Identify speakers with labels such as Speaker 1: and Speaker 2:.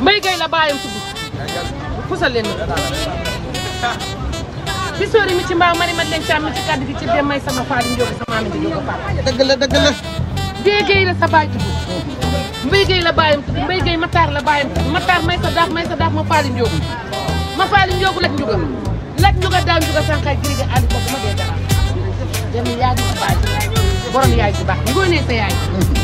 Speaker 1: ma Gueye la bàyyam tudd fusal leen ci sori mi ci mbaaw mari ma leen càmm ci kàddu gi ci may sama faali njóogu sama mi njóogu faal la dëgg la Dee Gueye la sa baay tudd Mbaye la bàyyam tudd Mbaye Gueye Matar la ma faali njóogu ma faali njóogu laj njuga
Speaker 2: laj njuga daaw njuga sànqaay jiriga ànd bokk ma sa baay borom yaay ji baax ngóonee sa yaay